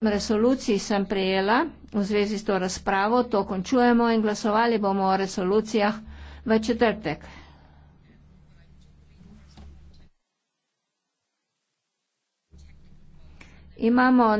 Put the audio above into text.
resoluciji sem prejela v zvezi s to razpravo, to končujemo in glasovali bomo o resolucijah v četrtek. Imamo...